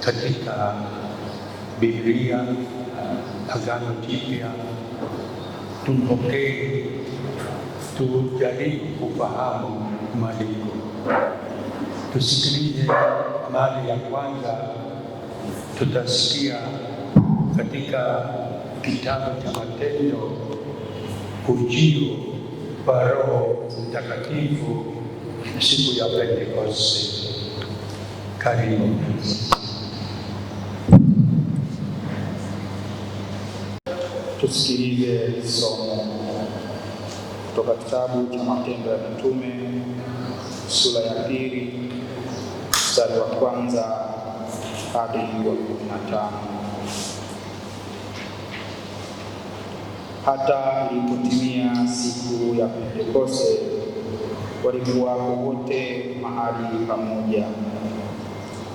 katika Biblia uh, Agano Jipya. Tumpokee, tujaribu kufahamu maliko tusikilize. Mara ya kwanza tutasikia katika kitabu cha Matendo ujio wa Roho Mtakatifu siku ya Pentekoste. Karibu. Tusikilize somo kutoka kitabu cha Matendo ya Mitume sura ya pili mstari wa kwanza hadi wa kumi na tano. Hata ilipotimia siku ya Pentekoste, walikuwako wote mahali pamoja.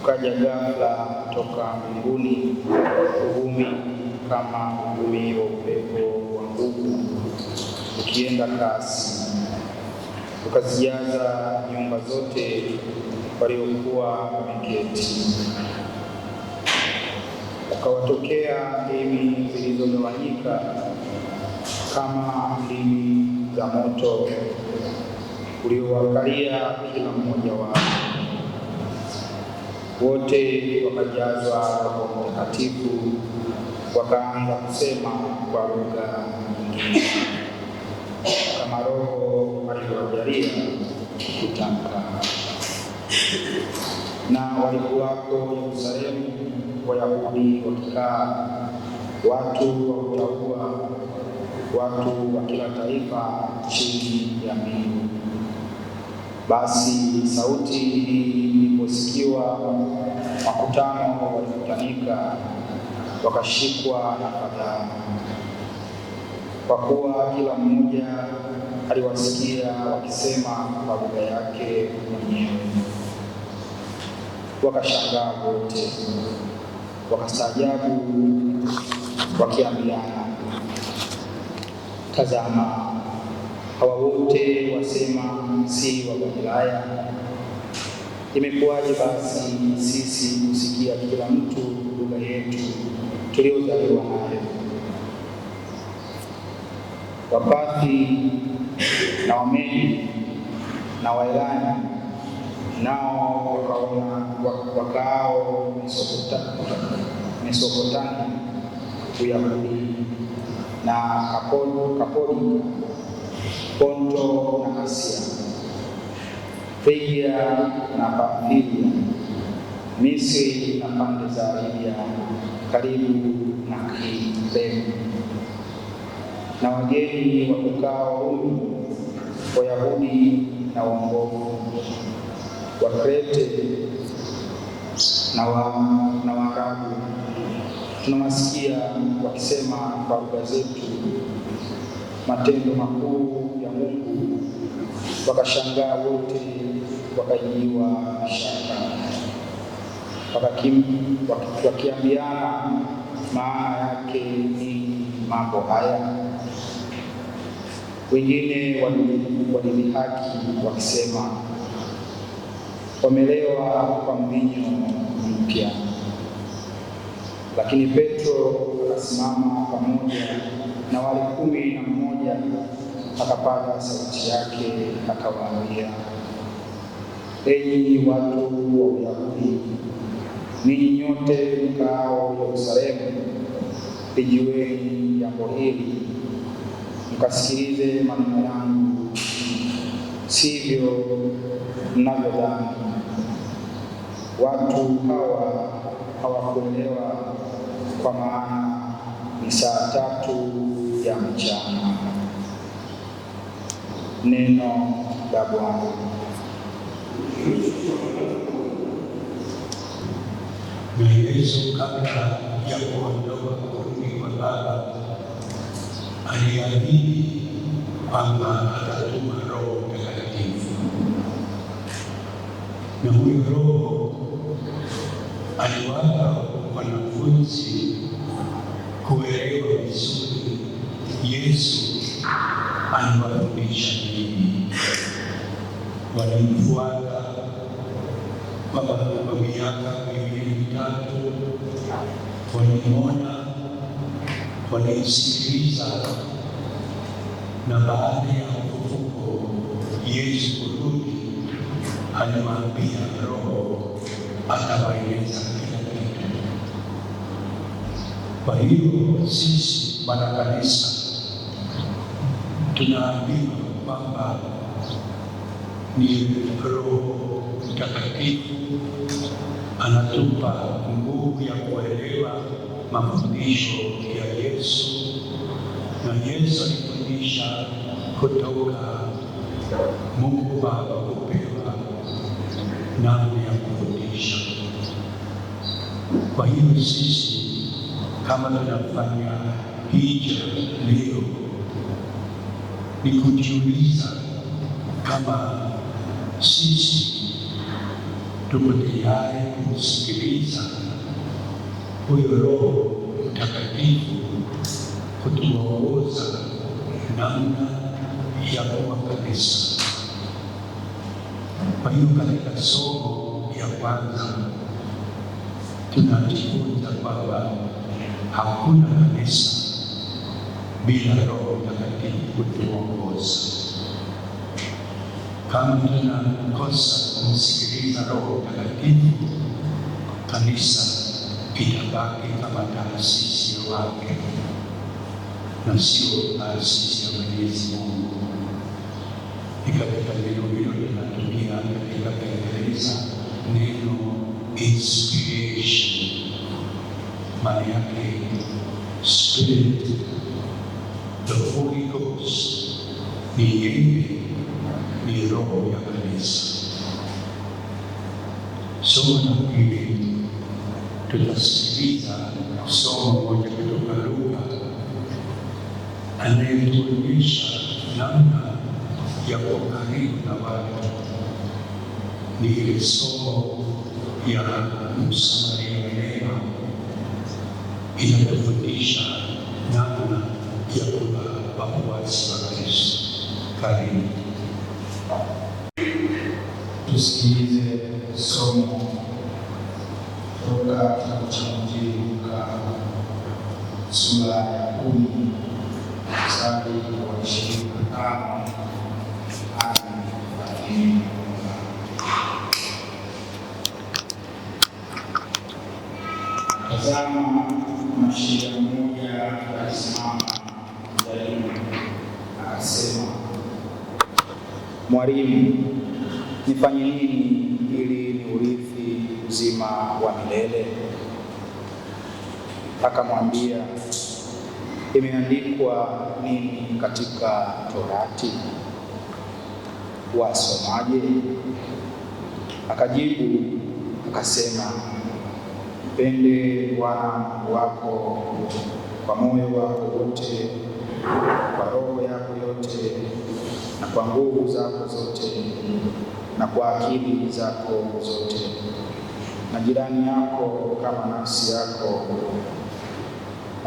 Ukaja ghafla kutoka mbinguni uvumi kama uvumio upepo wa nguvu ukienda kasi ukazijaza nyumba zote waliokuwa wameketi. Ukawatokea ndimi zilizogawanyika kama ndimi za moto uliowakalia kila mmoja wao. Wote wakajazwa na Roho Mtakatifu wakaanza kusema kwa lugha nyingine kama Roho alivyowajalia kutamka, na walikuwako Yerusalemu Wayahudi wakikaa, watu wa watu wa kila taifa chini ya mbingu. Basi sauti iliposikiwa, makutano walikutanika wakashikwa na fadhaa, kwa kuwa kila mmoja aliwasikia wakisema kwa lugha yake mwenyewe. Wakashangaa wote, wakastaajabu, wakiambiana, tazama, hawa wote wasema si wa Galilaya? Imekuwaje basi sisi kusikia kila mtu lugha yetu tuliozaliwa nayo. wapathi na Wamedi na Wairani nao wakaona wakaao Mesopotamia, Uyahudi na Kapoli, Ponto na Asia, Frigia na Pafilia, Misri na pande za Arabia karibu na akili Na wageni wa kukaa huru, Wayahudi na waongofu, Wakrete na Waarabu, tunawasikia wakisema kwa lugha zetu matendo makuu ya Mungu, wakashangaa wote, wakajiwa shaka wakiambiana maana yake ni mambo haya. Wengine walidhihaki wakisema, wamelewa kwa mvinyo mpya. Lakini Petro akasimama pamoja na wale kumi na mmoja akapaza sauti yake akawaambia, enyi watu wa Uyahudi ninyi nyote mkaao Yerusalemu, ijiweni jambo hili, mkasikilize maneno yangu, sivyo mnavyodhani. Watu hawa hawakuelewa, kwa maana ni saa tatu ya mchana. Neno la Bwana maelezo kabla ya kuondoka kurudi kwa Baba, aliahidi kwamba atatuma Roho Mtakatifu, na huyo Roho aliwapa wanafunzi kuelewa vizuri Yesu anawafundisha nini. Walimfuata kwamba kwa miaka miwili mitatu waliona, walisikiliza, na baada ya ufufuko Yesu kurudi aliwaambia Roho atawaeleza kila kitu. Kwa hiyo sisi wana kanisa tunaambiwa kwamba ni Roho Mtakatifu anatupa nguvu ya kuelewa mafundisho ya Yesu, na Yesu alifundisha kutoka Mungu Baba kupewa namna ya kufundisha. Kwa hiyo sisi kama tunafanya hija leo, ni kujiuliza kama sisi tuko tayari kumsikiliza huyo Roho Mtakatifu kutuongoza namna ya kuwa kanisa. Kwa hiyo katika somo ya kwanza tunajifunza kwamba hakuna kanisa bila Roho Mtakatifu kutuongoza. kando na kosa kumsikiliza Roho Mtakatifu, kanisa itabaki kama taasisi wake na si taasisi ya Mwenyezi Mungu. Ni katika neno hilo linatumia katika Kiingereza neno inspiration, maana yake spirit, the Holy Ghost ni yeye Niro Yaganis. Somo ng pili, tutas kita, somo mo yakulukaluka, anayatunisha, namna, yakukarin na wala. Nihil somo, ya musamari nema, inatunisha, namna, yakukaluka, pakuwas, maris, karin. Tusikilize somo kutoka kitabu cha Injili Luka sura ya kumi mstari wa ishirini na tano hadi thelathini. Tazama Mashiach mwalimu, nifanye nini ili niurithi uzima wa milele? Akamwambia, imeandikwa nini katika Torati? Wasomaje? Akajibu akasema, mpende Bwana wako kwa moyo wako wote, kwa roho yako yote kwa nguvu zako zote na kwa akili zako zote, na jirani yako kama nafsi yako.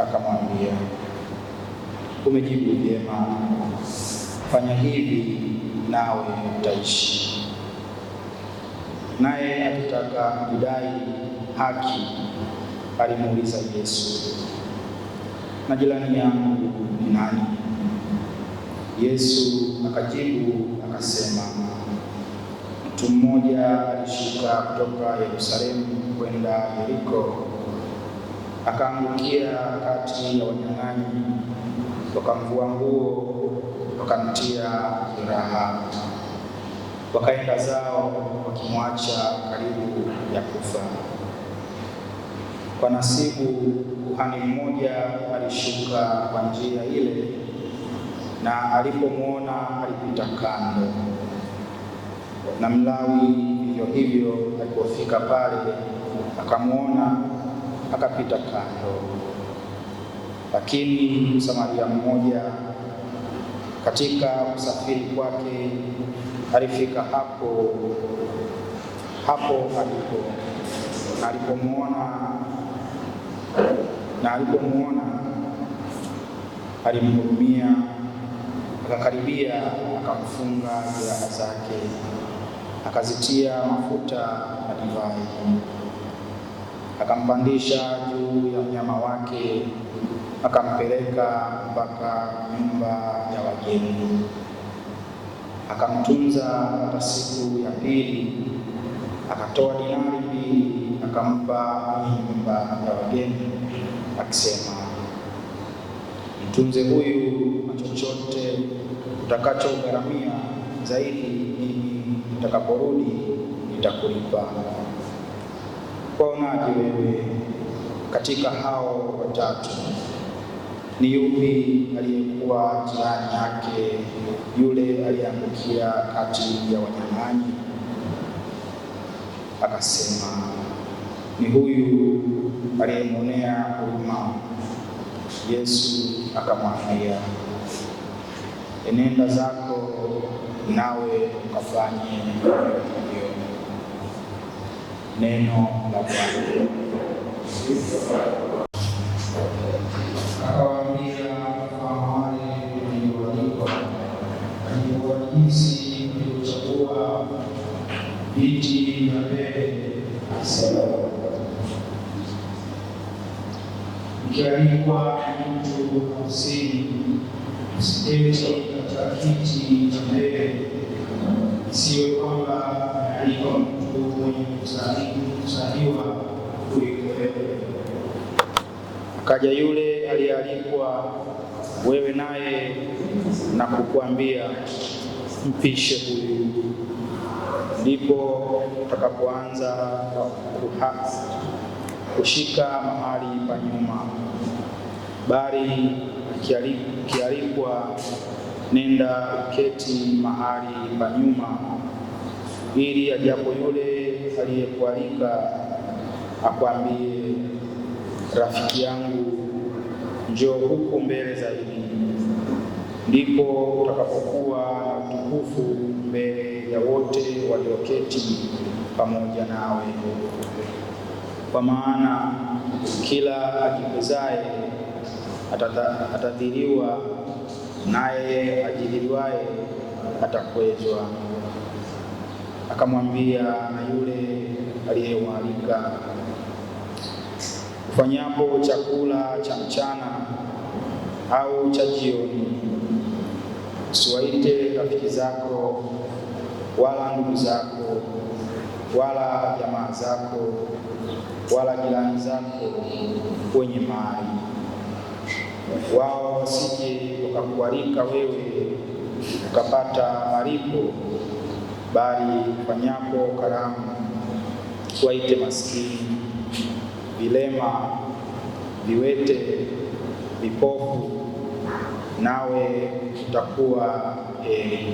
Akamwambia, umejibu vyema, fanya hivi nawe utaishi. Naye akitaka kudai haki alimuuliza Yesu, na jirani yangu ni nani? Yesu akajibu akasema, mtu mmoja alishuka kutoka Yerusalemu kwenda Yeriko, akaangukia kati ya wanyang'anyi, wakamvua nguo, wakamtia jeraha, wakaenda zao, wakimwacha karibu ya kufa. Kwa nasibu kuhani mmoja alishuka kwa njia ile na alipomwona alipita kando, na Mlawi vivyo hivyo alipofika pale akamwona akapita kando. Lakini Msamaria mmoja katika kusafiri kwake alifika hapo hapo alipo na alipomwona na alipomwona alimhurumia akakaribia akamfunga jeraha zake, akazitia mafuta na divai, akampandisha juu ya mnyama wake, akampeleka mpaka nyumba ya wageni, akamtunza hata siku ya pili. Akatoa dinari mbili akampa nyumba ya wageni akisema Mtunze huyu na chochote utakachogharamia zaidi, mimi nitakaporudi nitakulipa. Kwaonaje wewe katika hao watatu ni yupi aliyekuwa jirani yake yule aliyeangukia kati ya wanyang'anyi? Akasema, ni huyu aliyemwonea huruma Yesu akamwambia, enenda zako nawe ukafanye hivyo. Neno la Bwana. Akawaambia viti kitendo cha utafiti mbele, sio kwamba alikuwa mtu mwenye kuzaliwa kuliko wewe. Kaja yule aliyealikwa wewe naye na kukuambia mpishe huyu, ndipo utakapoanza kushika mahali pa nyuma, bali ukialikwa, nenda uketi mahali pa nyuma, ili ajapo yule aliyekualika akwambie, rafiki yangu, njoo huku mbele zaidi, ndipo utakapokuwa na utukufu mbele ya wote walioketi pamoja nawe, kwa maana kila akikuzae atadhiriwa, naye ajidhiriwaye atakwezwa. Akamwambia yule aliyemwalika, ufanyapo chakula cha mchana au cha jioni, usiwaite rafiki zako wala ndugu zako wala jamaa zako wala jirani zako wenye mali wao wasije wakakualika wewe ukapata malipo, bali fanyapo karamu waite maskini, vilema, viwete, vipofu, nawe utakuwa eh,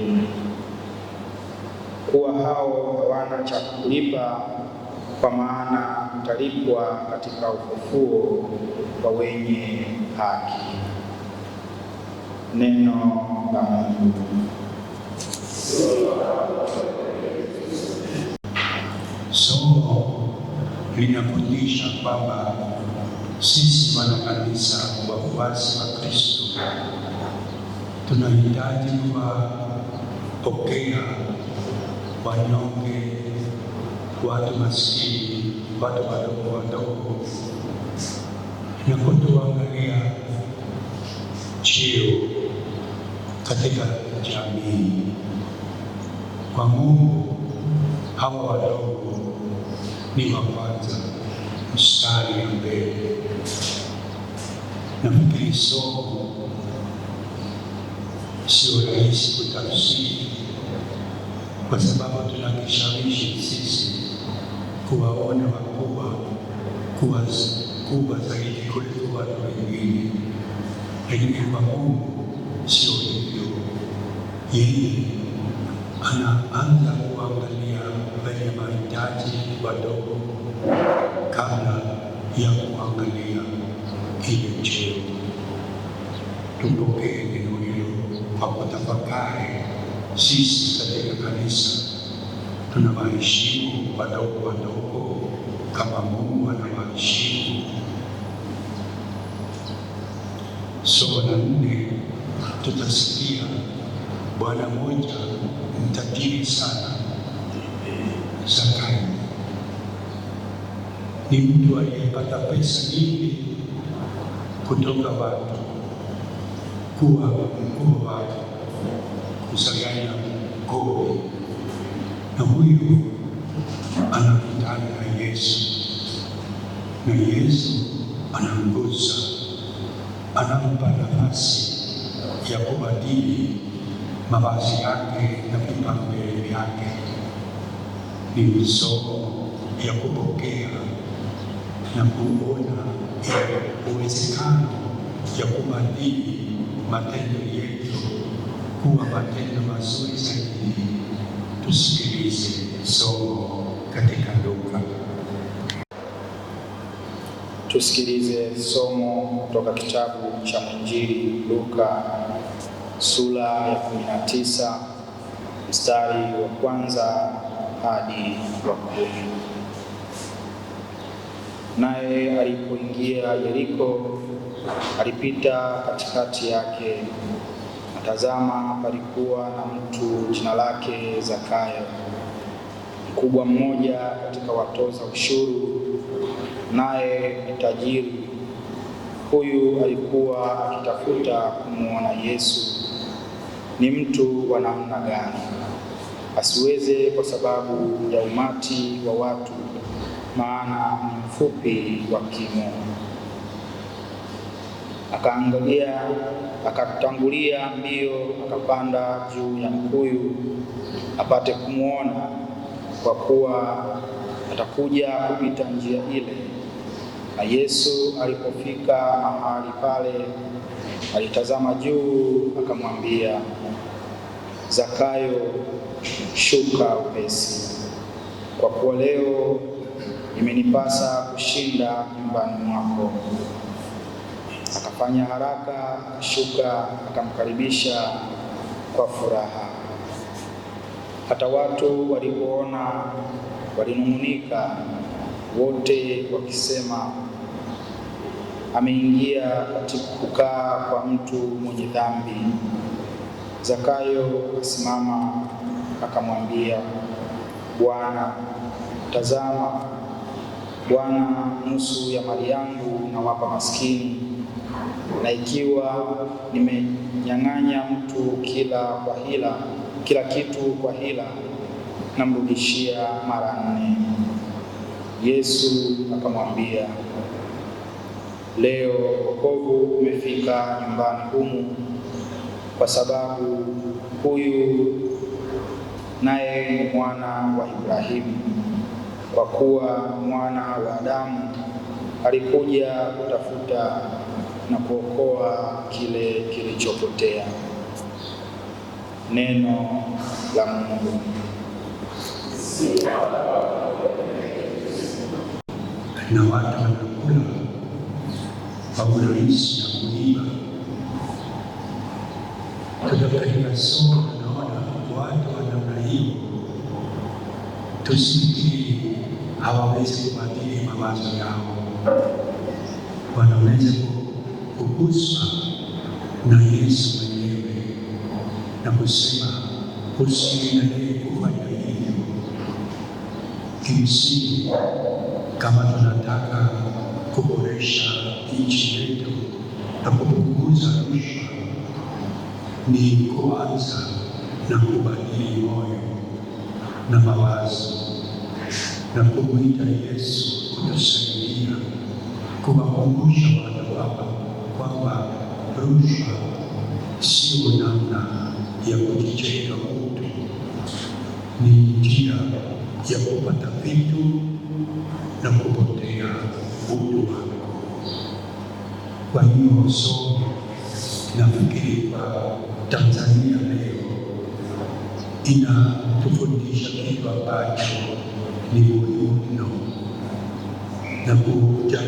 kuwa hao hawana cha kulipa, kwa maana mtalipwa katika ufufuo kwa wenye haki. Neno la Mungu. Somo linafundisha kwamba sisi wana kanisa, wafuasi wa Kristo, tunahitaji kuwapokea wanyonge, watu maskini watu wadogo wadogo, na kutuangalia cheo katika jamii. Kwa Mungu hawa wadogo ni wa kwanza, mstari ya mbele. mpili. somo sio rahisi kutafsiri, kwa sababu tunakishawishi sisi kuwaona wakubwa kuwa kubwa zaidi kuliko watu wengine, lakini kwa Mungu sio hivyo. Yeye anaanza kuangalia wenye mahitaji wadogo kabla ya kuangalia kile cheo. Tumpokee neno hilo kwa kutafakari. Sisi katika kanisa tunawaheshimu wadogo wadogo kama Mungu anawaheshimu. Somo la nne tutasikia bwana mmoja mtajiri sana Zakayo ni mtu aliyepata pesa nyingi kutoka watu kuwa mkuu wake kusaganya gobe na huyu kukutana na Yesu, na Yesu anaongoza, anampa nafasi ya kubadili mavazi yake na vipaumbele vyake. Ni misomo ya kupokea na kuona uwezekano ya kubadili matendo yetu kuwa matendo mazuri zaidi. Tusikilize somo katika ndoa. Tusikilize somo kutoka kitabu cha mwinjili Luka sura ya 19 mstari wa kwanza hadi wa kumi. Naye alipoingia Yeriko, alipita katikati yake, natazama palikuwa na mtu jina lake Zakayo mkubwa mmoja katika watoza ushuru, naye ni tajiri. Huyu alikuwa akitafuta kumwona Yesu ni mtu wa namna gani, asiweze kwa sababu ya umati wa watu, maana ni mfupi wa kimo. Akaangalia, akatangulia mbio, akapanda juu ya mkuyu apate kumwona kwa kuwa atakuja kupita njia ile. Na Yesu alipofika mahali pale, alitazama juu, akamwambia Zakayo, shuka upesi, kwa kuwa leo imenipasa kushinda nyumbani mwako. Akafanya haraka, akashuka, akamkaribisha kwa furaha. Hata watu walipoona walinung'unika, wote wakisema, ameingia katika kukaa kwa mtu mwenye dhambi. Zakayo akasimama akamwambia Bwana, tazama Bwana, nusu ya mali yangu nawapa maskini, na ikiwa nimenyang'anya mtu kila kwa hila kila kitu kwa hila, namrudishia mara nne. Yesu akamwambia, leo wokovu umefika nyumbani humu, kwa sababu huyu naye ni mwana wa Ibrahimu, kwa kuwa mwana wa Adamu alikuja kutafuta na kuokoa kile kilichopotea neno la Mungu. Na watu wanakula Paulo na kuiba. Katika somo tunaona watu wa namna hiyo, tusikie, hawawezi kubadili mawazo yao, wanaweza kuguswa na Yesu anaposema usiangalie kufanya hivyo, kimsingi kama tunataka kuboresha nchi yetu na kupunguza rushwa, ni kuanza na kubadili moyo na mawazo na kumwita Yesu kutusaidia kuwakumbusha watu hapa kwamba rushwa sio namna ya kujijenga mtu, ni njia ya kupata vitu na kupotea utu wako. Kwa hiyo somo nafikiri kwa Tanzania leo inatufundisha kitu ambacho ni muhimu mno na kuja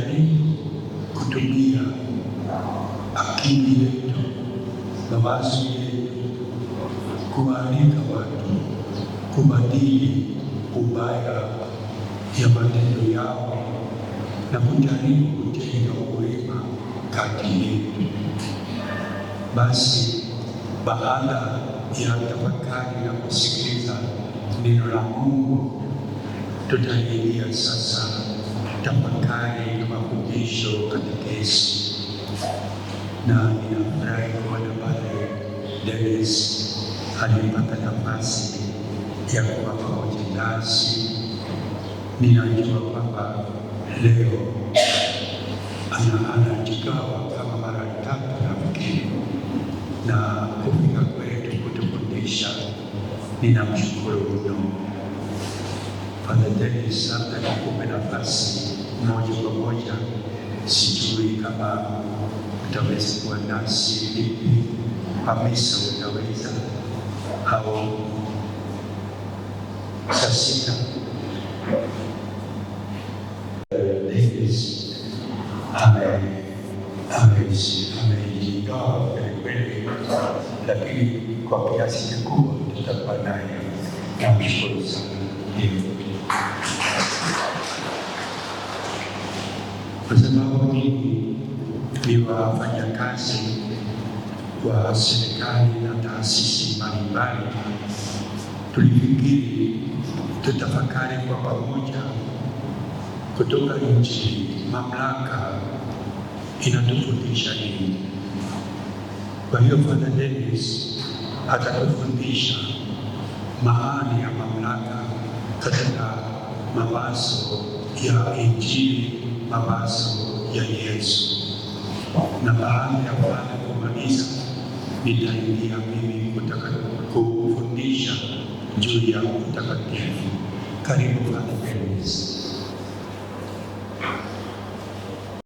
yao na kujaribu kujenga uwema kati yetu. Basi baada ya tafakari na kusikiliza neno la Mungu, tutaingia sasa tafakari na mafundisho katekesi, na ninafurahi kuona Padre Denis alipata nafasi ya kuwa pamoja nasi ninajua kwamba leo anajigawa kama mara tatu, nafikiri na kufika kwetu kutufundisha. Ninamshukuru mno Padre Denis, labda nikupe nafasi moja kwa moja, sijui kama utaweza kuwa nasi vipi, utaweza au saa sita ameigawa kwelikweli, lakini kwa kiasi kikubwa tutakuwa naye. Namshukuru sana. Kwa sababu mimi ni wafanyakazi wa serikali na taasisi mbalimbali tulifikiri tutafakari kwa pamoja kutoka nchi mamlaka inatufundisha nini. Kwa hiyo Father Denis atatufundisha maana ya mamlaka katika mawazo ya Injili, mawazo ya Yesu. Na baada ya Father kumaliza, nitaingia mimi kutaka kufundisha juu ya mtakatifu. Karibu kwa